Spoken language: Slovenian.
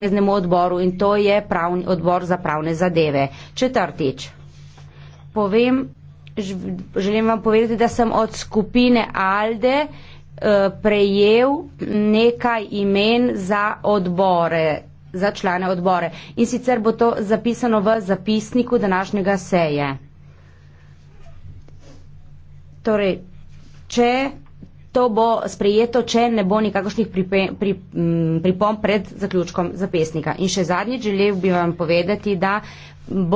zveznemu odboru in to je pravni, odbor za pravne zadeve. Četrtič, povem, želim vam povedati, da sem od skupine Alde eh, prejel nekaj imen za odbore, za člane odbore. In sicer bo to zapisano v zapisniku današnjega seje. Torej, če to bo sprejeto, če ne bo nikakršnih pripomb pri, pri pred zaključkom zapisnika. In še zadnjič želel bi vam povedati, da bo